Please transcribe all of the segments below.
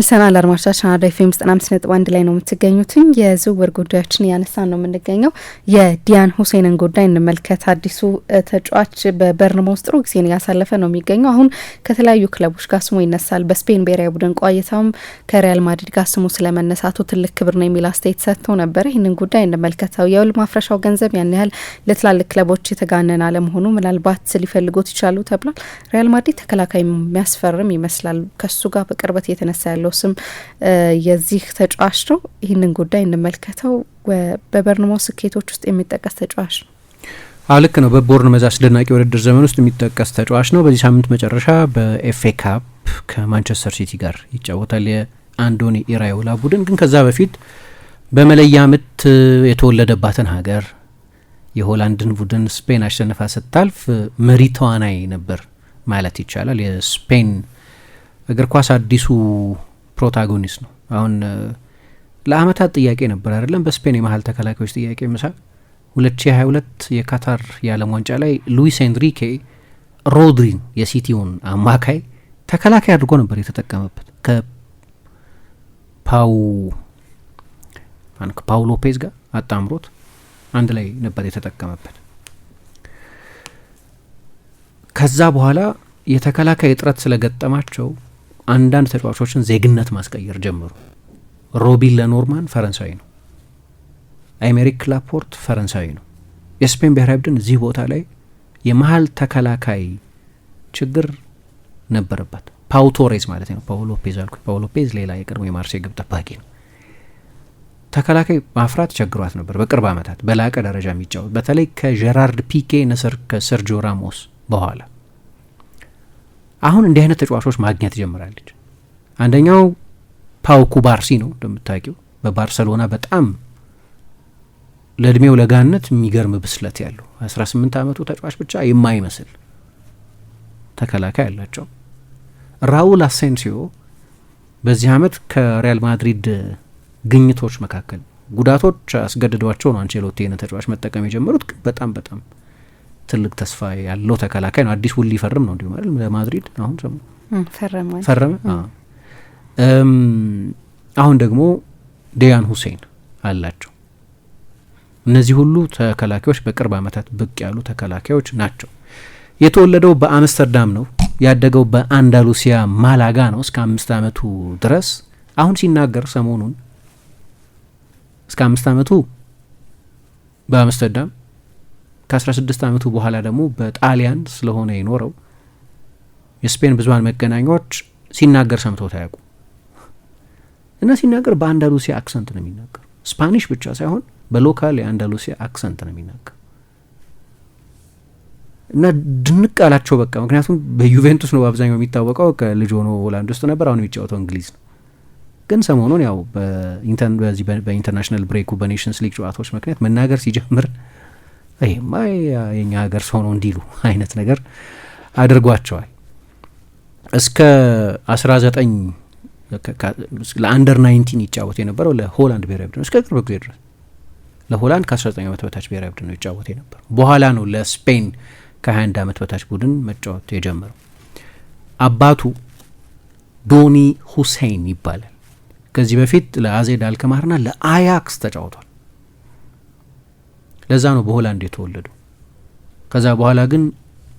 ተመልሰናል አድማጮቻችን፣ አራዳ ኤፍ ኤም ዘጠና አምስት ነጥብ አንድ ላይ ነው የምትገኙትኝ። የዝውውር ጉዳዮችን እያነሳን ነው የምንገኘው። የዲያን ሁሴንን ጉዳይ እንመልከት። አዲሱ ተጫዋች ውስጥ ጥሩ ጊዜን እያሳለፈ ነው የሚገኘው። አሁን ከተለያዩ ክለቦች ጋር ስሙ ይነሳል። በስፔን ብሔራዊ ቡድን ቆይታውም ከሪያል ማድሪድ ጋር ስሙ ስለመነሳቱ ትልቅ ክብር ነው የሚል አስተያየት ሰጥተው ነበረ። ይህንን ጉዳይ እንመልከተው። የውል ማፍረሻው ገንዘብ ያን ያህል ለትላልቅ ክለቦች የተጋነን አለመሆኑ ምናልባት ሊፈልጉት ይችላሉ ተብሏል። ሪያል ማድሪድ ተከላካይ የሚያስፈርም ይመስላል። ከሱ ጋር በቅርበት እየተነሳ ያለው ያለው ስም የዚህ ተጫዋች ነው። ይህንን ጉዳይ እንመልከተው። በበርንማውዝ ስኬቶች ውስጥ የሚጠቀስ ተጫዋች ነው። አልክ ነው። በቦርንመዝ አስደናቂ ውድድር ዘመን ውስጥ የሚጠቀስ ተጫዋች ነው። በዚህ ሳምንት መጨረሻ በኤፍኤ ካፕ ከማንቸስተር ሲቲ ጋር ይጫወታል የአንዶኒ ኢራዮላ ቡድን። ግን ከዛ በፊት በመለያ ምት የተወለደባትን ሀገር የሆላንድን ቡድን ስፔን አሸንፋ ስታልፍ መሪ ተዋናይ ነበር ማለት ይቻላል። የስፔን እግር ኳስ አዲሱ ፕሮታጎኒስት ነው። አሁን ለአመታት ጥያቄ ነበር አይደለም፣ በስፔን የመሀል ተከላካዮች ጥያቄ ምሳ 2022 የካታር የዓለም ዋንጫ ላይ ሉዊስ ኤንሪኬ ሮድሪን የሲቲውን አማካይ ተከላካይ አድርጎ ነበር የተጠቀመበት ከፓው ከፓው ሎፔዝ ጋር አጣምሮት አንድ ላይ ነበር የተጠቀመበት። ከዛ በኋላ የተከላካይ እጥረት ስለገጠማቸው አንዳንድ ተጫዋቾችን ዜግነት ማስቀየር ጀምሩ ሮቢን ለኖርማን ፈረንሳዊ ነው። አሜሪክ ላፖርት ፈረንሳዊ ነው። የስፔን ብሔራዊ ቡድን እዚህ ቦታ ላይ የመሀል ተከላካይ ችግር ነበረበት። ፓው ቶሬዝ ማለት ነው። ፓውሎ ፔዝ አልኩ። ፓውሎ ፔዝ ሌላ የቀድሞ የማርሴ ግብ ጠባቂ ነው። ተከላካይ ማፍራት ቸግሯት ነበር። በቅርብ ዓመታት በላቀ ደረጃ የሚጫወት በተለይ ከጀራርድ ፒኬ ነስር ከሰርጂዮ ራሞስ በኋላ አሁን እንዲህ አይነት ተጫዋቾች ማግኘት ጀምራለች። አንደኛው ፓው ኩባርሲ ነው። እንደምታውቂው በባርሰሎና በጣም ለእድሜው ለጋነት የሚገርም ብስለት ያለው 18 ዓመቱ ተጫዋች ብቻ የማይመስል ተከላካይ አላቸው። ራውል አሴንሲዮ በዚህ አመት ከሪያል ማድሪድ ግኝቶች መካከል ጉዳቶች አስገድዷቸው ነው አንቼሎቲ ተጫዋች መጠቀም የጀመሩት። በጣም በጣም ትልቅ ተስፋ ያለው ተከላካይ ነው። አዲስ ውል ሊፈርም ነው እንዲሁም አይደል? ለማድሪድ አሁን ሰሞኑን ፈረመ። አሁን ደግሞ ዴያን ሁሴን አላቸው። እነዚህ ሁሉ ተከላካዮች በቅርብ ዓመታት ብቅ ያሉ ተከላካዮች ናቸው። የተወለደው በአምስተርዳም ነው። ያደገው በአንዳሉሲያ ማላጋ ነው እስከ አምስት ዓመቱ ድረስ። አሁን ሲናገር ሰሞኑን እስከ አምስት ዓመቱ በአምስተርዳም ከ16 ዓመቱ በኋላ ደግሞ በጣሊያን ስለሆነ የኖረው የስፔን ብዙሀን መገናኛዎች ሲናገር ሰምተው አያውቁ እና ሲናገር በአንዳሉሲያ አክሰንት ነው የሚናገር። ስፓኒሽ ብቻ ሳይሆን በሎካል የአንዳሉሲያ አክሰንት ነው የሚናገር እና ድንቅ አላቸው በቃ። ምክንያቱም በዩቬንቱስ ነው በአብዛኛው የሚታወቀው። ከልጅ ሆኖ ሆላንድ ውስጥ ነበር፣ አሁን የሚጫወተው እንግሊዝ ነው። ግን ሰሞኑን ያው በኢንተርናሽናል ብሬኩ በኔሽንስ ሊግ ጨዋታዎች ምክንያት መናገር ሲጀምር ይሄማ የኛ ሀገር ሰው ነው እንዲሉ አይነት ነገር አድርጓቸዋል። እስከ 19 ለአንደር ናይንቲን ይጫወት የነበረው ለሆላንድ ብሔራዊ ቡድን እስከ ቅርብ ጊዜ ድረስ ለሆላንድ ከ19 ዓመት በታች ብሔራዊ ቡድን ነው ይጫወት የነበረው። በኋላ ነው ለስፔን ከ21 ዓመት በታች ቡድን መጫወት የጀመረው። አባቱ ዶኒ ሁሴይን ይባላል። ከዚህ በፊት ለአዜድ አልከማርና ለአያክስ ተጫውቷል። ለዛ ነው በሆላንድ የተወለዱ ከዛ በኋላ ግን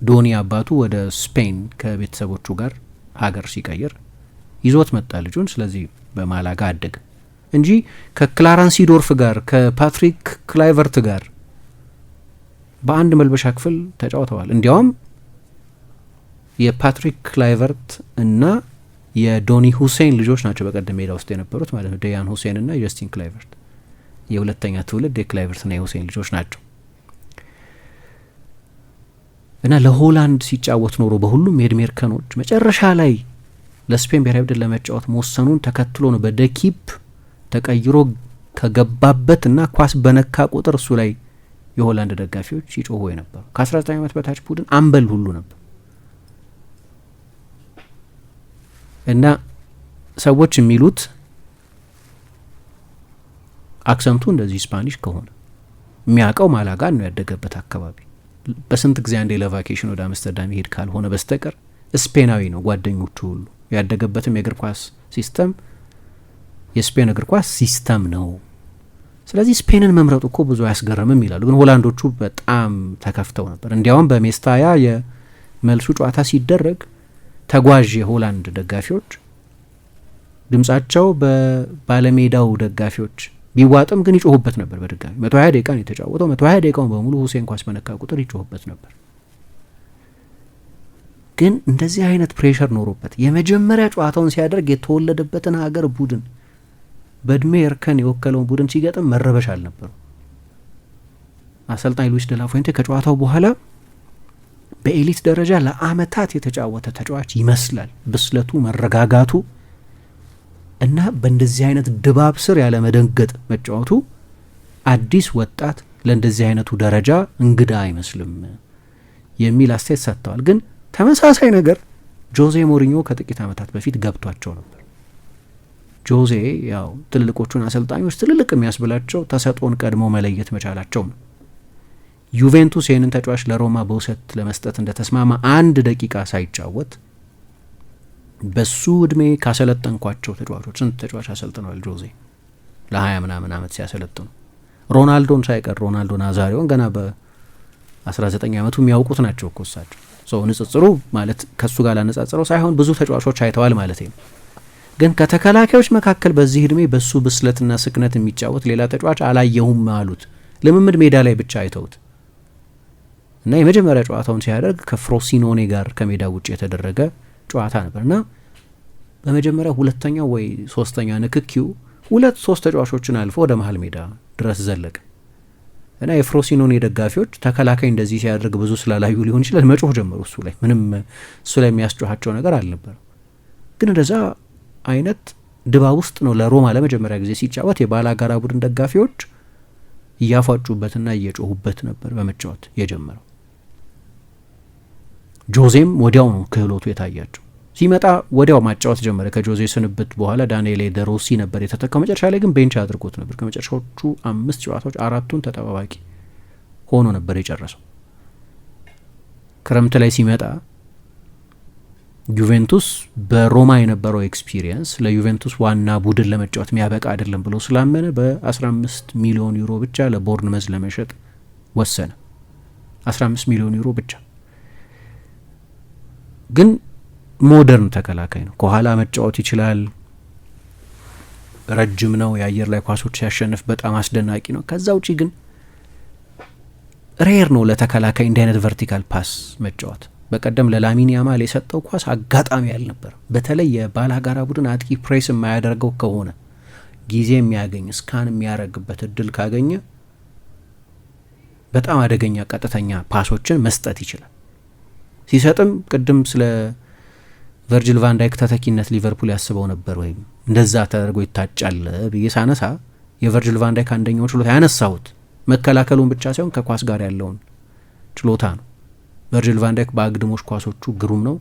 ዶኒ አባቱ ወደ ስፔን ከቤተሰቦቹ ጋር ሀገር ሲቀይር ይዞት መጣ ልጁን። ስለዚህ በማላጋ አደገ እንጂ ከክላረንስ ሲዶርፍ ጋር ከፓትሪክ ክላይቨርት ጋር በአንድ መልበሻ ክፍል ተጫውተዋል። እንዲያውም የፓትሪክ ክላይቨርት እና የዶኒ ሁሴን ልጆች ናቸው በቀደም ሜዳ ውስጥ የነበሩት ማለት ነው። ደያን ሁሴን እና ጀስቲን ክላይቨርት የሁለተኛ ትውልድ የክላይቨርትና የሁሴን ልጆች ናቸው እና ለሆላንድ ሲጫወት ኖሮ በሁሉም የእድሜ እርከኖች መጨረሻ ላይ ለስፔን ብሔራዊ ቡድን ለመጫወት መወሰኑን ተከትሎ ነው በደኪፕ ተቀይሮ ከገባበት እና ኳስ በነካ ቁጥር እሱ ላይ የሆላንድ ደጋፊዎች ይጮሁ የነበሩ ከ19 ዓመት በታች ቡድን አንበል ሁሉ ነበር እና ሰዎች የሚሉት አክሰንቱ እንደዚህ ስፓኒሽ ከሆነ የሚያውቀው ማላጋን ነው ያደገበት አካባቢ በስንት ጊዜ አንዴ ለቫኬሽን ወደ አምስተርዳም ይሄድ ካልሆነ በስተቀር ስፔናዊ ነው ጓደኞቹ ሁሉ። ያደገበትም የእግር ኳስ ሲስተም የስፔን እግር ኳስ ሲስተም ነው። ስለዚህ ስፔንን መምረጡ እኮ ብዙ አያስገርምም ይላሉ። ግን ሆላንዶቹ በጣም ተከፍተው ነበር። እንዲያውም በሜስታያ የመልሱ ጨዋታ ሲደረግ ተጓዥ የሆላንድ ደጋፊዎች ድምጻቸው በባለሜዳው ደጋፊዎች ቢዋጥም ግን ይጮሁበት ነበር። በድጋሚ መቶ ሀያ ደቂቃ ነው የተጫወተው። መቶ ሀያ ደቂቃውን በሙሉ ሁሴን ኳስ በነካ ቁጥር ይጮሁበት ነበር። ግን እንደዚህ አይነት ፕሬሸር ኖሮበት የመጀመሪያ ጨዋታውን ሲያደርግ የተወለደበትን ሀገር ቡድን በእድሜ እርከን የወከለውን ቡድን ሲገጥም መረበሽ አልነበሩ። አሰልጣኝ ሉዊስ ደላፎንቴ ከጨዋታው በኋላ በኤሊት ደረጃ ለአመታት የተጫወተ ተጫዋች ይመስላል። ብስለቱ፣ መረጋጋቱ እና በእንደዚህ አይነት ድባብ ስር ያለ መደንገጥ መጫወቱ አዲስ ወጣት ለእንደዚህ አይነቱ ደረጃ እንግዳ አይመስልም የሚል አስተያየት ሰጥተዋል። ግን ተመሳሳይ ነገር ጆዜ ሞሪኞ ከጥቂት ዓመታት በፊት ገብቷቸው ነበር። ጆዜ ያው ትልልቆቹን አሰልጣኞች ትልልቅ የሚያስብላቸው ተሰጥኦን ቀድሞ መለየት መቻላቸው ነው። ዩቬንቱስ ይህንን ተጫዋች ለሮማ በውሰት ለመስጠት እንደተስማማ አንድ ደቂቃ ሳይጫወት በሱ እድሜ ካሰለጠንኳቸው ተጫዋቾች ስንት ተጫዋች አሰልጥነዋል ጆዜ ለሀያ ምናምን አመት ሲያሰለጥኑ ሮናልዶን ሳይቀር ሮናልዶ ናዛሪዮን ገና በ19 አመቱ የሚያውቁት ናቸው እኮ እሳቸው ሰው ንጽጽሩ ማለት ከሱ ጋር ላነጻጽረው ሳይሆን ብዙ ተጫዋቾች አይተዋል ማለት ነው። ግን ከተከላካዮች መካከል በዚህ እድሜ በሱ ብስለትና ስክነት የሚጫወት ሌላ ተጫዋች አላየሁም አሉት። ልምምድ ሜዳ ላይ ብቻ አይተውት እና የመጀመሪያ ጨዋታውን ሲያደርግ ከፍሮሲኖኔ ጋር ከሜዳ ውጭ የተደረገ ጨዋታ ነበር እና በመጀመሪያ ሁለተኛው ወይ ሶስተኛ ንክኪው ሁለት ሶስት ተጫዋቾችን አልፎ ወደ መሀል ሜዳ ድረስ ዘለቀ እና የፍሮሲኖን ደጋፊዎች ተከላካይ እንደዚህ ሲያደርግ ብዙ ስላላዩ ሊሆን ይችላል መጮህ ጀመሩ። እሱ ላይ ምንም እሱ ላይ የሚያስጮኋቸው ነገር አልነበረም። ግን እንደዛ አይነት ድባብ ውስጥ ነው ለሮማ ለመጀመሪያ ጊዜ ሲጫወት የባላጋራ ቡድን ደጋፊዎች እያፏጩበትና እየጮሁበት ነበር በመጫወት የጀመረው። ጆዜም ወዲያው ነው ክህሎቱ የታያቸው። ሲመጣ ወዲያው ማጫወት ጀመረ። ከጆዜ ስንብት በኋላ ዳንኤሌ ደሮሲ ነበር የተተካው። መጨረሻ ላይ ግን ቤንች አድርጎት ነበር። ከመጨረሻዎቹ አምስት ጨዋታዎች አራቱን ተጠባባቂ ሆኖ ነበር የጨረሰው። ክረምት ላይ ሲመጣ ዩቬንቱስ በሮማ የነበረው ኤክስፒሪየንስ ለዩቬንቱስ ዋና ቡድን ለመጫወት የሚያበቃ አይደለም ብሎ ስላመነ በ15 ሚሊዮን ዩሮ ብቻ ለቦርንመዝ ለመሸጥ ወሰነ። 15 ሚሊዮን ዩሮ ብቻ ግን ሞደርን ተከላካይ ነው። ከኋላ መጫወት ይችላል። ረጅም ነው። የአየር ላይ ኳሶች ሲያሸንፍ በጣም አስደናቂ ነው። ከዛ ውጪ ግን ሬር ነው ለተከላካይ እንዲህ አይነት ቨርቲካል ፓስ መጫወት። በቀደም ለላሚን ያማል የሰጠው ኳስ አጋጣሚ አልነበረም። በተለይ የባላጋራ ቡድን አጥቂ ፕሬስ የማያደርገው ከሆነ ጊዜ የሚያገኝ እስካን የሚያደርግበት እድል ካገኘ በጣም አደገኛ ቀጥተኛ ፓሶችን መስጠት ይችላል። ሲሰጥም ቅድም ስለ ቨርጅል ቫንዳይክ ተተኪነት ሊቨርፑል ያስበው ነበር ወይም እንደዛ ተደርጎ ይታጫል ብዬ ሳነሳ የቨርጅል ቫንዳይክ አንደኛው ችሎታ ያነሳሁት መከላከሉን ብቻ ሳይሆን ከኳስ ጋር ያለውን ችሎታ ነው። ቨርጅል ቫንዳይክ በአግድሞች ኳሶቹ ግሩም ነው።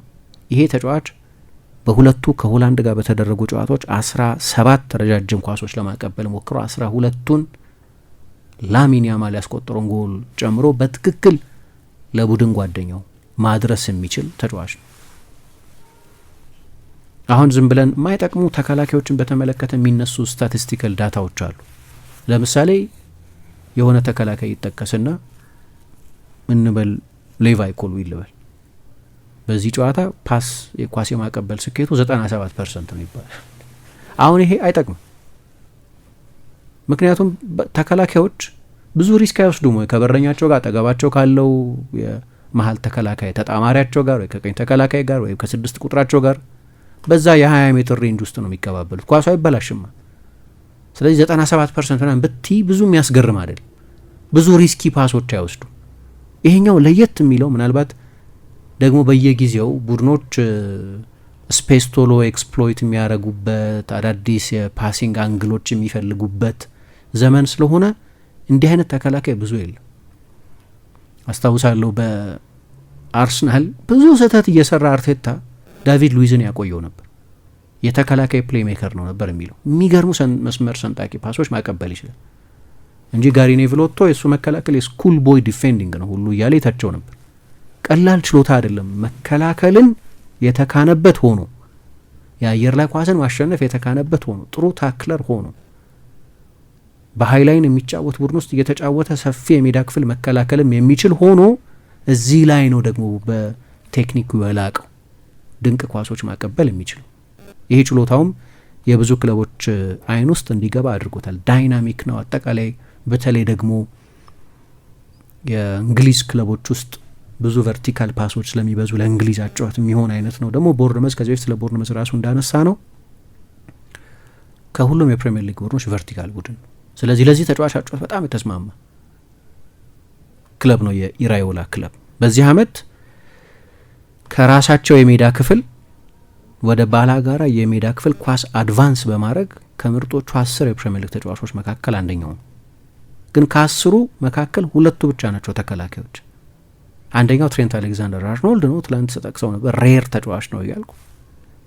ይሄ ተጫዋች በሁለቱ ከሆላንድ ጋር በተደረጉ ጨዋታዎች አስራ ሰባት ረጃጅም ኳሶች ለማቀበል ሞክሮ አስራ ሁለቱን ላሚን ያማል ያስቆጠረውን ጎል ጨምሮ በትክክል ለቡድን ጓደኛው ማድረስ የሚችል ተጫዋች ነው። አሁን ዝም ብለን የማይጠቅሙ ተከላካዮችን በተመለከተ የሚነሱ ስታቲስቲካል ዳታዎች አሉ። ለምሳሌ የሆነ ተከላካይ ይጠቀስና እንበል ሌቫይ ኮሉ ይልበል በዚህ ጨዋታ ፓስ የኳስ የማቀበል ስኬቱ 97 ፐርሰንት ነው ይባላል። አሁን ይሄ አይጠቅምም። ምክንያቱም ተከላካዮች ብዙ ሪስክ አይወስዱም ወይ ከበረኛቸው ጋር አጠገባቸው ካለው መሀል ተከላካይ ተጣማሪያቸው ጋር ወይ ከቀኝ ተከላካይ ጋር ወይም ከስድስት ቁጥራቸው ጋር በዛ የ20 ሜትር ሬንጅ ውስጥ ነው የሚቀባበሉት። ኳሱ አይበላሽም። ስለዚህ 97 ፐርሰንት ምናምን ብቲ ብዙ የሚያስገርም አይደል። ብዙ ሪስኪ ፓሶች አይወስዱ። ይሄኛው ለየት የሚለው ምናልባት ደግሞ በየጊዜው ቡድኖች ስፔስ ቶሎ ኤክስፕሎይት የሚያደርጉበት አዳዲስ የፓሲንግ አንግሎች የሚፈልጉበት ዘመን ስለሆነ እንዲህ አይነት ተከላካይ ብዙ የለም። አስታውሳለሁ በአርስናል ብዙ ስህተት እየሰራ አርቴታ ዳቪድ ሉዊዝን ያቆየው ነበር። የተከላካይ ፕሌይ ሜከር ነው ነበር የሚለው የሚገርሙ መስመር ሰንጣቂ ፓሶች ማቀበል ይችላል እንጂ ጋሪ ኔቪል የእሱ መከላከል የስኩል ቦይ ዲፌንዲንግ ነው ሁሉ እያለ ይተቸው ነበር። ቀላል ችሎታ አይደለም። መከላከልን የተካነበት ሆኖ የአየር ላይ ኳስን ማሸነፍ የተካነበት ሆኖ ጥሩ ታክለር ሆኖ በሀይላይን የሚጫወት ቡድን ውስጥ እየተጫወተ ሰፊ የሜዳ ክፍል መከላከልም የሚችል ሆኖ እዚህ ላይ ነው ደግሞ በቴክኒኩ የላቀው ድንቅ ኳሶች ማቀበል የሚችል ይሄ ችሎታውም የብዙ ክለቦች አይን ውስጥ እንዲገባ አድርጎታል። ዳይናሚክ ነው። አጠቃላይ በተለይ ደግሞ የእንግሊዝ ክለቦች ውስጥ ብዙ ቨርቲካል ፓሶች ስለሚበዙ ለእንግሊዝ አጫዋት የሚሆን አይነት ነው። ደግሞ ቦርንመዝ ከዚህ በፊት ስለ ቦርንመዝ ራሱ እንዳነሳ ነው ከሁሉም የፕሪምየር ሊግ ቡድኖች ቨርቲካል ቡድን ነው። ስለዚህ ለዚህ ተጫዋች በጣም የተስማማ ክለብ ነው የኢራዮላ ክለብ። በዚህ አመት ከራሳቸው የሜዳ ክፍል ወደ ባላ ጋራ የሜዳ ክፍል ኳስ አድቫንስ በማድረግ ከምርጦቹ አስር የፕሪሚየር ሊግ ተጫዋቾች መካከል አንደኛው ነው። ግን ከአስሩ መካከል ሁለቱ ብቻ ናቸው ተከላካዮች። አንደኛው ትሬንት አሌክዛንደር አርኖልድ ነው፣ ትላንት ተጠቅሰው ነበር። ሬር ተጫዋች ነው እያልኩ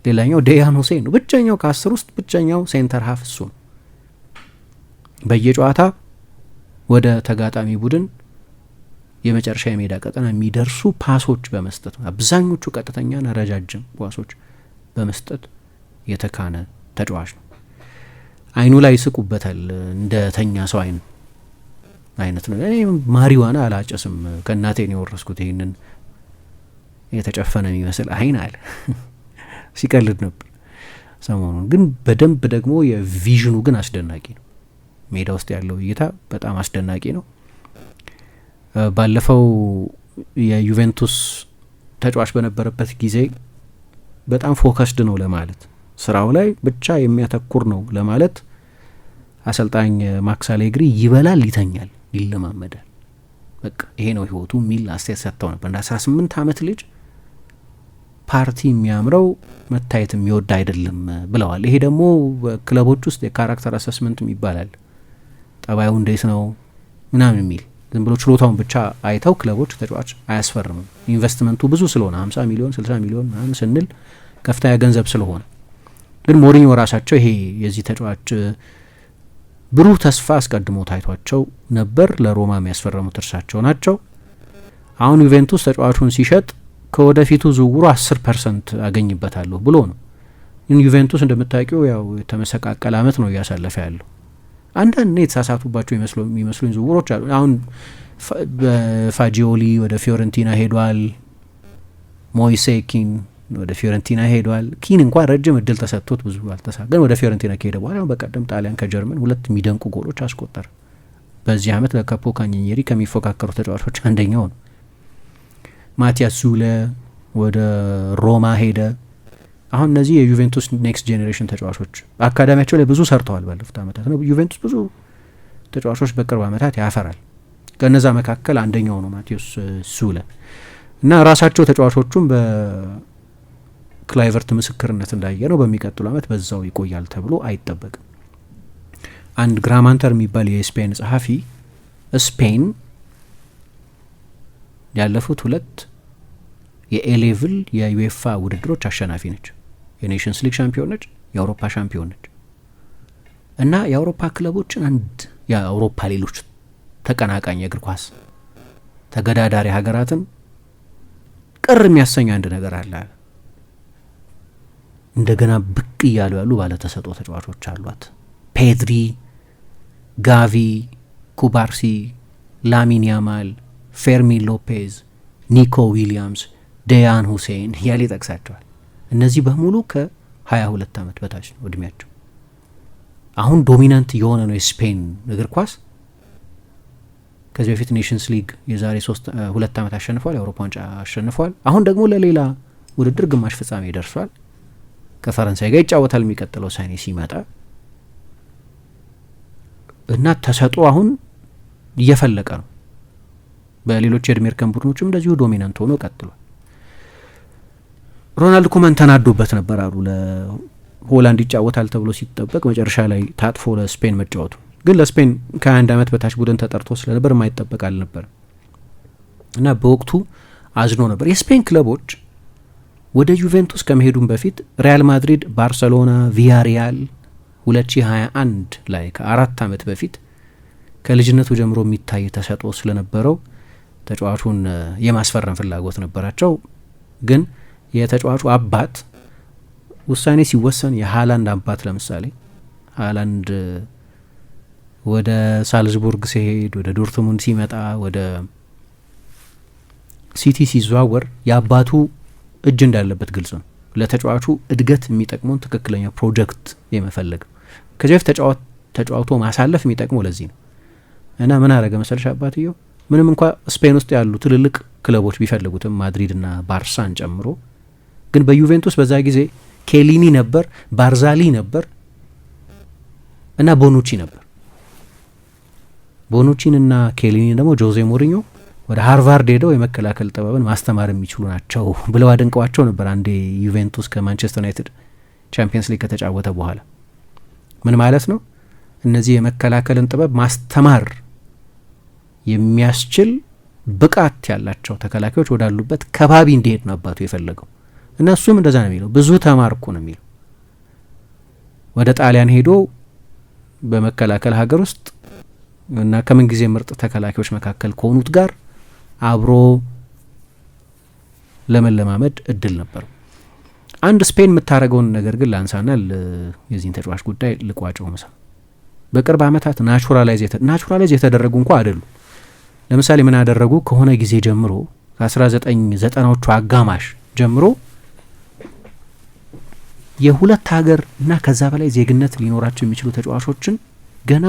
ሌላኛው ዴያን ሁሴን ነው። ብቸኛው ከአስር ውስጥ ብቸኛው ሴንተር ሀፍ እሱ ነው። በየጨዋታ ወደ ተጋጣሚ ቡድን የመጨረሻ የሜዳ ቀጠና የሚደርሱ ፓሶች በመስጠት አብዛኞቹ ቀጥተኛና ረጃጅም ኳሶች በመስጠት የተካነ ተጫዋች ነው። አይኑ ላይ ይስቁበታል። እንደ ተኛ ሰው አይን አይነት ነው። እኔ ማሪዋና አላጨስም ከእናቴን የወረስኩት ይህንን የተጨፈነ የሚመስል አይን አለ ሲቀልድ ነበር ሰሞኑን። ግን በደንብ ደግሞ የቪዥኑ ግን አስደናቂ ነው። ሜዳ ውስጥ ያለው እይታ በጣም አስደናቂ ነው። ባለፈው የዩቬንቱስ ተጫዋች በነበረበት ጊዜ በጣም ፎከስድ ነው ለማለት ስራው ላይ ብቻ የሚያተኩር ነው ለማለት አሰልጣኝ ማክስ አሌግሪ ይበላል፣ ይተኛል፣ ይለማመዳል፣ በቃ ይሄ ነው ህይወቱ የሚል አስተያየት ሰጥተው ነበር። እንደ ስምንት ዓመት ልጅ ፓርቲ የሚያምረው መታየት የሚወድ አይደለም ብለዋል። ይሄ ደግሞ በክለቦች ውስጥ የካራክተር አሰስመንት ይባላል። ጠባዩ እንዴት ነው ምናምን የሚል ዝም ብሎ ችሎታውን ብቻ አይተው ክለቦች ተጫዋች አያስፈርምም። ኢንቨስትመንቱ ብዙ ስለሆነ 50 ሚሊዮን 60 ሚሊዮን ምናምን ስንል ከፍተኛ ገንዘብ ስለሆነ ግን ሞሪኞ ራሳቸው ይሄ የዚህ ተጫዋች ብሩህ ተስፋ አስቀድሞ ታይቷቸው ነበር። ለሮማ የሚያስፈረሙት እርሳቸው ናቸው። አሁን ዩቬንቱስ ተጫዋቹን ሲሸጥ ከወደፊቱ ዝውውሩ 10 ፐርሰንት አገኝበታለሁ ብሎ ነው። ግን ዩቬንቱስ እንደምታውቂው ያው የተመሰቃቀል አመት ነው እያሳለፈ ያለው አንዳንድ የተሳሳቱባቸው የሚመስሉኝ ዝውውሮች አሉ። አሁን ፋጂዮሊ ወደ ፊዮረንቲና ሄዷል። ሞይሴ ኪን ወደ ፊዮረንቲና ሄዷል። ኪን እንኳን ረጅም እድል ተሰጥቶት ብዙ አልተሳ፣ ግን ወደ ፊዮረንቲና ከሄደ በኋላ በቀደም ጣሊያን ከጀርመን ሁለት የሚደንቁ ጎሎች አስቆጠረ። በዚህ አመት ለካፖ ካኝኘሪ ከሚፎካከሩ ተጫዋቾች አንደኛው ነው። ማቲያስ ዙለ ወደ ሮማ ሄደ። አሁን እነዚህ የዩቬንቱስ ኔክስት ጄኔሬሽን ተጫዋቾች አካዳሚያቸው ላይ ብዙ ሰርተዋል ባለፉት አመታት ነው። ዩቬንቱስ ብዙ ተጫዋቾች በቅርብ አመታት ያፈራል። ከነዛ መካከል አንደኛው ነው ማቴዎስ ሱለ እና ራሳቸው ተጫዋቾቹም በክላይቨርት ምስክርነት እንዳየ ነው በሚቀጥሉ አመት በዛው ይቆያል ተብሎ አይጠበቅም። አንድ ግራማንተር የሚባል የስፔን ጸሐፊ ስፔን ያለፉት ሁለት የኤሌቭል የዩኤፋ ውድድሮች አሸናፊ ነች። የኔሽንስ ሊግ ሻምፒዮን ነች፣ የአውሮፓ ሻምፒዮን ነች እና የአውሮፓ ክለቦችን አንድ የአውሮፓ ሌሎች ተቀናቃኝ የእግር ኳስ ተገዳዳሪ ሀገራትን ቅር የሚያሰኝ አንድ ነገር አለ። እንደገና ብቅ እያሉ ያሉ ባለተሰጦ ተጫዋቾች አሏት። ፔድሪ፣ ጋቪ፣ ኩባርሲ፣ ላሚን ያማል፣ ፌርሚን ሎፔዝ፣ ኒኮ ዊሊያምስ፣ ደያን ሁሴን እያለ ይጠቅሳቸዋል። እነዚህ በሙሉ ከ22 ዓመት በታች ነው እድሜያቸው። አሁን ዶሚናንት የሆነ ነው የስፔን እግር ኳስ። ከዚህ በፊት ኔሽንስ ሊግ የዛሬ ሁለት ዓመት አሸንፏል፣ የአውሮፓ ዋንጫ አሸንፏል። አሁን ደግሞ ለሌላ ውድድር ግማሽ ፍጻሜ ደርሷል። ከፈረንሳይ ጋር ይጫወታል የሚቀጥለው ሰኔ ሲመጣ እና ተሰጦ አሁን እየፈለቀ ነው። በሌሎች የእድሜ እርከን ቡድኖችም እንደዚሁ ዶሚናንት ሆኖ ቀጥሏል። ሮናልድ ኩመን ተናዶበት ነበር አሉ። ለሆላንድ ይጫወታል ተብሎ ሲጠበቅ መጨረሻ ላይ ታጥፎ ለስፔን መጫወቱ ግን ለስፔን ከ21 ዓመት በታች ቡድን ተጠርቶ ስለነበር የማይጠበቅ አልነበር እና በወቅቱ አዝኖ ነበር። የስፔን ክለቦች ወደ ዩቬንቱስ ከመሄዱም በፊት ሪያል ማድሪድ፣ ባርሰሎና፣ ቪያሪያል 2021 ላይ ከአራት ዓመት በፊት ከልጅነቱ ጀምሮ የሚታይ ተሰጥኦ ስለነበረው ተጫዋቹን የማስፈረም ፍላጎት ነበራቸው ግን የተጫዋቹ አባት ውሳኔ ሲወሰን የሀላንድ አባት ለምሳሌ ሀላንድ ወደ ሳልዝቡርግ ሲሄድ ወደ ዶርትሙንድ ሲመጣ ወደ ሲቲ ሲዘዋወር የአባቱ እጅ እንዳለበት ግልጽ ነው። ለተጫዋቹ እድገት የሚጠቅመውን ትክክለኛ ፕሮጀክት የመፈለግ ከዚህ በፊት ተጫዋቶ ማሳለፍ የሚጠቅመው ለዚህ ነው እና ምን አረገ መሰለሽ አባትየው ምንም እንኳ ስፔን ውስጥ ያሉ ትልልቅ ክለቦች ቢፈልጉትም ማድሪድና ባርሳን ጨምሮ ግን በዩቬንቱስ በዛ ጊዜ ኬሊኒ ነበር፣ ባርዛሊ ነበር እና ቦኑቺ ነበር። ቦኑቺን እና ኬሊኒ ደግሞ ጆዜ ሞሪኞ ወደ ሃርቫርድ ሄደው የመከላከል ጥበብን ማስተማር የሚችሉ ናቸው ብለው አድንቀዋቸው ነበር። አንዴ ዩቬንቱስ ከማንቸስተር ዩናይትድ ቻምፒየንስ ሊግ ከተጫወተ በኋላ ምን ማለት ነው? እነዚህ የመከላከልን ጥበብ ማስተማር የሚያስችል ብቃት ያላቸው ተከላካዮች ወዳሉበት ከባቢ እንዲሄድ ነው አባቱ የፈለገው። እና እሱም እንደዛ ነው የሚለው ብዙ ተማርኩ ነው የሚለው ወደ ጣሊያን ሄዶ በመከላከል ሀገር ውስጥ እና ከምን ጊዜ ምርጥ ተከላካዮች መካከል ከሆኑት ጋር አብሮ ለመለማመድ እድል ነበር። አንድ ስፔን የምታደርገውን ነገር ግን ላንሳና የዚህን ተጫዋች ጉዳይ ልቋጨው ምሳ በቅርብ ዓመታት ናቹራላይዝ የተደረጉ እንኳ አይደሉ። ለምሳሌ ምን አደረጉ? ከሆነ ጊዜ ጀምሮ ከ1990ዎቹ አጋማሽ ጀምሮ የሁለት ሀገር እና ከዛ በላይ ዜግነት ሊኖራቸው የሚችሉ ተጫዋቾችን ገና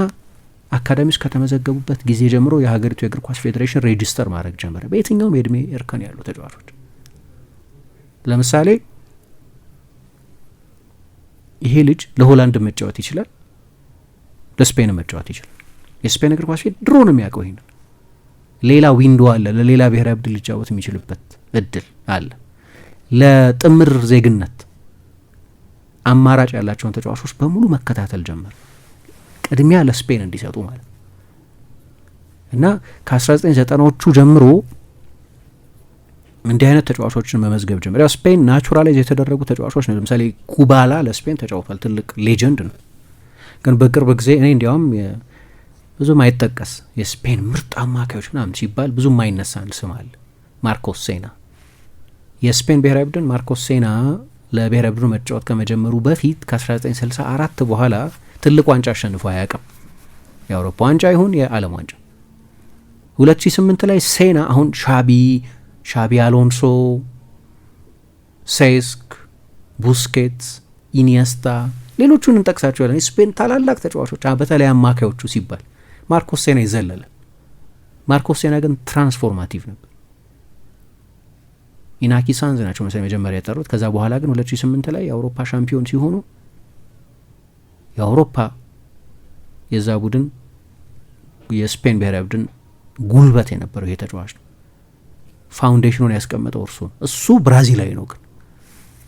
አካዳሚዎች ከተመዘገቡበት ጊዜ ጀምሮ የሀገሪቱ የእግር ኳስ ፌዴሬሽን ሬጂስተር ማድረግ ጀመረ። በየትኛውም የእድሜ እርከን ያሉ ተጫዋቾች ለምሳሌ ይሄ ልጅ ለሆላንድ መጫወት ይችላል፣ ለስፔን መጫወት ይችላል። የስፔን እግር ኳስ ፌድ ድሮ ነው የሚያውቀው ይሄንን። ሌላ ዊንዶ አለ፣ ለሌላ ብሔራዊ ቡድን ሊጫወት የሚችልበት እድል አለ። ለጥምር ዜግነት አማራጭ ያላቸውን ተጫዋቾች በሙሉ መከታተል ጀመር፣ ቅድሚያ ለስፔን እንዲሰጡ ማለት እና ከ1990ዎቹ ጀምሮ እንዲህ አይነት ተጫዋቾችን መመዝገብ ጀመር። ያው ስፔን ናቹራላይዝ የተደረጉ ተጫዋቾች ነው። ለምሳሌ ኩባላ ለስፔን ተጫውቷል፣ ትልቅ ሌጀንድ ነው። ግን በቅርብ ጊዜ እኔ እንዲያውም ብዙ ማይጠቀስ የስፔን ምርጥ አማካዮች ምናምን ሲባል ብዙ ማይነሳ አንድ ስም አለ፣ ማርኮስ ሴና። የስፔን ብሔራዊ ቡድን ማርኮስ ሴና ለብሔራዊ ቡድኑ መጫወት ከመጀመሩ በፊት ከ1964 በኋላ ትልቅ ዋንጫ አሸንፎ አያውቅም። የአውሮፓ ዋንጫ ይሁን የዓለም ዋንጫ 2008 ላይ ሴና አሁን ሻቢ ሻቢ አሎንሶ፣ ሴስክ፣ ቡስኬትስ፣ ኢኒየስታ ሌሎቹን እንጠቅሳቸዋለን። ስፔን ታላላቅ ተጫዋቾች በተለይ አማካዮቹ ሲባል ማርኮስ ሴና ይዘለለ። ማርኮስ ሴና ግን ትራንስፎርማቲቭ ነበር። ኢናኪ ሳንዝ ናቸው መሰለኝ መጀመሪያ የጠሩት። ከዛ በኋላ ግን 2008 ላይ የአውሮፓ ሻምፒዮን ሲሆኑ የአውሮፓ የዛ ቡድን የስፔን ብሔራዊ ቡድን ጉልበት የነበረው ይሄ ተጫዋች ነው። ፋውንዴሽኑን ያስቀመጠው እርሱ ነው። እሱ ብራዚላዊ ነው፣ ግን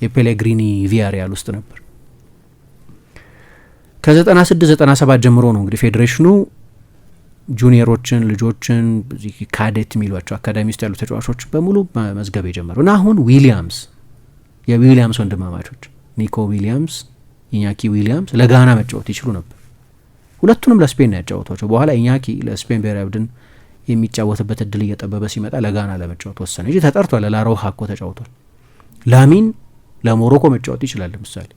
የፔሌግሪኒ ቪያሪያል ውስጥ ነበር። ከ96 97 ጀምሮ ነው እንግዲህ ፌዴሬሽኑ ጁኒየሮችን ልጆችን ካዴት የሚሏቸው አካዳሚ ውስጥ ያሉ ተጫዋቾች በሙሉ መዝገብ የጀመረው እና አሁን ዊሊያምስ የዊሊያምስ ወንድማማቾች ኒኮ ዊሊያምስ፣ ኢኛኪ ዊሊያምስ ለጋና መጫወት ይችሉ ነበር። ሁለቱንም ለስፔን ነው ያጫወቷቸው። በኋላ ኢኛኪ ለስፔን ብሔራዊ ቡድን የሚጫወትበት እድል እየጠበበ ሲመጣ ለጋና ለመጫወት ወሰነ እንጂ ተጠርቷል። ለላሮሃ እኮ ተጫውቷል። ላሚን ለሞሮኮ መጫወት ይችላል። ለምሳሌ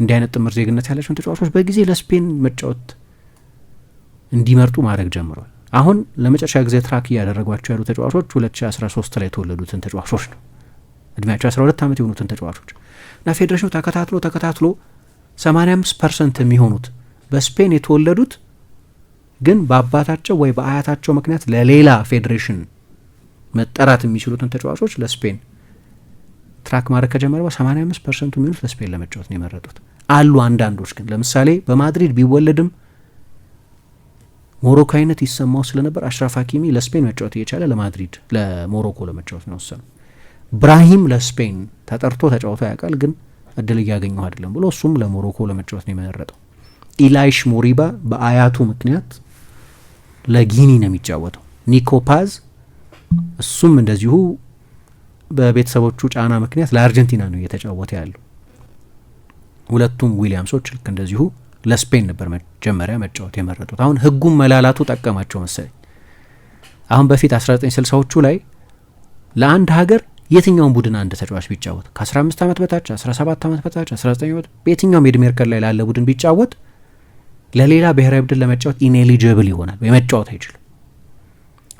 እንዲህ አይነት ጥምር ዜግነት ያላቸውን ተጫዋቾች በጊዜ ለስፔን መጫወት እንዲመርጡ ማድረግ ጀምሯል። አሁን ለመጨረሻ ጊዜ ትራክ እያደረጓቸው ያሉ ተጫዋቾች 2013 ላይ የተወለዱትን ተጫዋቾች ነው፣ እድሜያቸው 12 ዓመት የሆኑትን ተጫዋቾች እና ፌዴሬሽኑ ተከታትሎ ተከታትሎ 85 ፐርሰንት የሚሆኑት በስፔን የተወለዱት ግን በአባታቸው ወይ በአያታቸው ምክንያት ለሌላ ፌዴሬሽን መጠራት የሚችሉትን ተጫዋቾች ለስፔን ትራክ ማድረግ ከጀመረ በ85 ፐርሰንቱ የሚሆኑት ለስፔን ለመጫወት ነው የመረጡት። አሉ አንዳንዶች ግን ለምሳሌ በማድሪድ ቢወለድም ሞሮካዊነት ይሰማው ስለነበር አሽራፍ ሀኪሚ ለስፔን መጫወት እየቻለ ለማድሪድ ለሞሮኮ ለመጫወት ነው ወሰኑ። ብራሂም ለስፔን ተጠርቶ ተጫውቶ ያውቃል፣ ግን እድል እያገኘሁ አይደለም ብሎ እሱም ለሞሮኮ ለመጫወት ነው የመረጠው። ኢላይሽ ሞሪባ በአያቱ ምክንያት ለጊኒ ነው የሚጫወተው። ኒኮ ፓዝ እሱም እንደዚሁ በቤተሰቦቹ ጫና ምክንያት ለአርጀንቲና ነው እየተጫወተ ያለው። ሁለቱም ዊሊያምሶች ልክ እንደዚሁ ለስፔን ነበር መጀመሪያ መጫወት የመረጡት። አሁን ህጉም መላላቱ ጠቀማቸው መሰለኝ። አሁን በፊት 1960ዎቹ ላይ ለአንድ ሀገር የትኛውን ቡድን አንድ ተጫዋች ቢጫወት ከ15 ዓመት በታች 17 ዓመት በታች 19 ዓመት በየትኛውም የዕድሜ እርከን ላይ ላለ ቡድን ቢጫወት ለሌላ ብሔራዊ ቡድን ለመጫወት ኢኔሊጅብል ይሆናል፣ መጫወት አይችልም።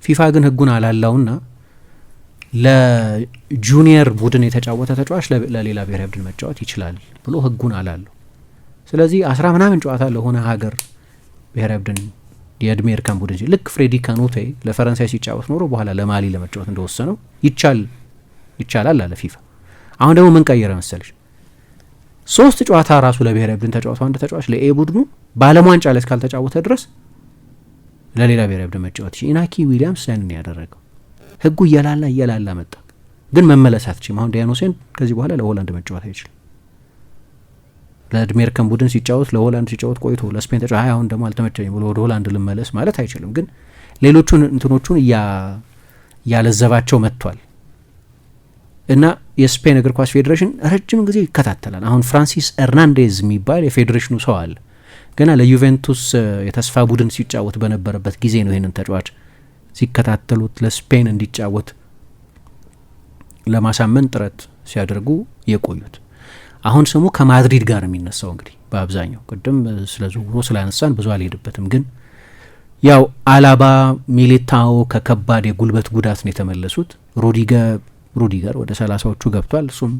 ፊፋ ግን ህጉን አላላውና ለጁኒየር ቡድን የተጫወተ ተጫዋች ለሌላ ብሔራዊ ቡድን መጫወት ይችላል ብሎ ህጉን አላለው። ስለዚህ አስራ ምናምን ጨዋታ ለሆነ ሀገር ብሔራዊ ቡድን የእድሜ እርከን ቡድን ልክ ፍሬዲ ካኖቴ ለፈረንሳይ ሲጫወት ኖሮ በኋላ ለማሊ ለመጫወት እንደወሰነው ይቻል ይቻላል አለ ፊፋ። አሁን ደግሞ ምን ቀየረ መሰለች? ሶስት ጨዋታ ራሱ ለብሔራዊ ቡድን ተጫዋቱ አንድ ተጫዋች ለኤ ቡድኑ በዓለም ዋንጫ ላይ እስካልተጫወተ ድረስ ለሌላ ብሔራዊ ቡድን መጫወት ኢናኪ ዊሊያምስ ያንን ያደረገው ህጉ እያላላ እያላላ መጣ። ግን መመለስ አትችልም። አሁን ዲያኖሴን ከዚህ በኋላ ለሆላንድ መጫወት አይችልም። ለድሜርከን ቡድን ሲጫወት ለሆላንድ ሲጫወት ቆይቶ ለስፔን ተጫ ሀይ አሁን ደግሞ አልተመቸኝ ብሎ ወደ ሆላንድ ልመለስ ማለት አይችልም። ግን ሌሎቹን እንትኖቹን እያለዘባቸው መጥቷል እና የስፔን እግር ኳስ ፌዴሬሽን ረጅም ጊዜ ይከታተላል። አሁን ፍራንሲስ ኤርናንዴዝ የሚባል የፌዴሬሽኑ ሰው አለ። ገና ለዩቬንቱስ የተስፋ ቡድን ሲጫወት በነበረበት ጊዜ ነው ይህንን ተጫዋች ሲከታተሉት ለስፔን እንዲጫወት ለማሳመን ጥረት ሲያደርጉ የቆዩት። አሁን ስሙ ከማድሪድ ጋር የሚነሳው እንግዲህ በአብዛኛው ቅድም ስለ ዝውውሩ ስላነሳን ብዙ አልሄድበትም፣ ግን ያው አላባ ሚሊታኦ ከከባድ የጉልበት ጉዳት ነው የተመለሱት። ሩዲገር ሩዲገር ወደ ሰላሳዎቹ ገብቷል። እሱም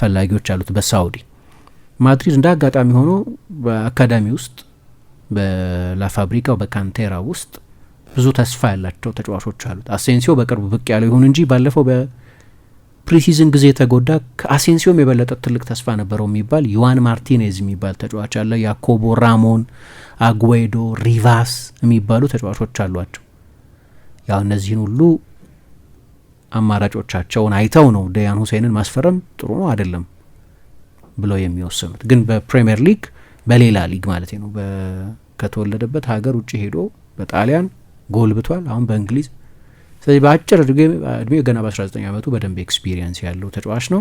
ፈላጊዎች አሉት በሳውዲ ማድሪድ እንደ አጋጣሚ ሆኖ በአካዳሚ ውስጥ በላፋብሪካው በካንቴራ ውስጥ ብዙ ተስፋ ያላቸው ተጫዋቾች አሉት። አሴንሲዮ በቅርቡ ብቅ ያለው ይሁን እንጂ ባለፈው ፕሪሲዝን ጊዜ የተጎዳ ከአሴንሲዮም የበለጠ ትልቅ ተስፋ ነበረው የሚባል ዮዋን ማርቲኔዝ የሚባል ተጫዋች አለ። ያኮቦ ራሞን፣ አጉዌዶ፣ ሪቫስ የሚባሉ ተጫዋቾች አሏቸው። ያው እነዚህን ሁሉ አማራጮቻቸውን አይተው ነው ደያን ሁሴንን ማስፈረም ጥሩ ነው አይደለም ብለው የሚወስኑት። ግን በፕሪምየር ሊግ በሌላ ሊግ ማለት ነው ከተወለደበት ሀገር ውጭ ሄዶ በጣሊያን ጎልብቷል። አሁን በእንግሊዝ ስለዚህ በአጭር እድሜ ገና በ19 ዓመቱ በደንብ ኤክስፒሪየንስ ያለው ተጫዋች ነው።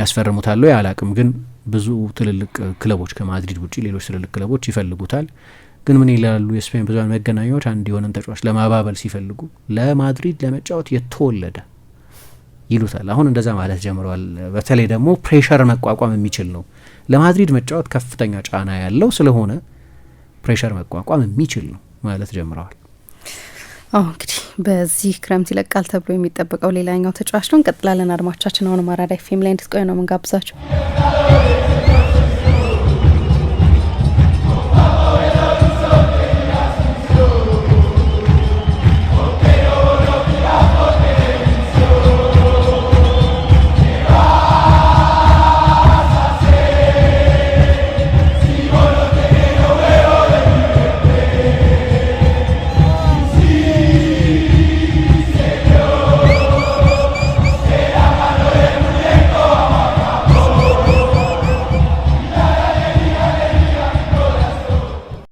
ያስፈርሙታሉ አላቅም፣ ግን ብዙ ትልልቅ ክለቦች ከማድሪድ ውጭ ሌሎች ትልልቅ ክለቦች ይፈልጉታል። ግን ምን ይላሉ የስፔን ብዙሃን መገናኛዎች? አንድ የሆነን ተጫዋች ለማባበል ሲፈልጉ ለማድሪድ ለመጫወት የተወለደ ይሉታል። አሁን እንደዛ ማለት ጀምረዋል። በተለይ ደግሞ ፕሬሸር መቋቋም የሚችል ነው። ለማድሪድ መጫወት ከፍተኛ ጫና ያለው ስለሆነ ፕሬሸር መቋቋም የሚችል ነው ማለት ጀምረዋል። አዎ እንግዲህ በዚህ ክረምት ይለቃል ተብሎ የሚጠበቀው ሌላኛው ተጫዋች ነው። እንቀጥላለን። አድማቻችን አሁን አራዳ ኤፍ ኤም ላይ እንድትቆዩ ነው ምንጋብዛችሁ።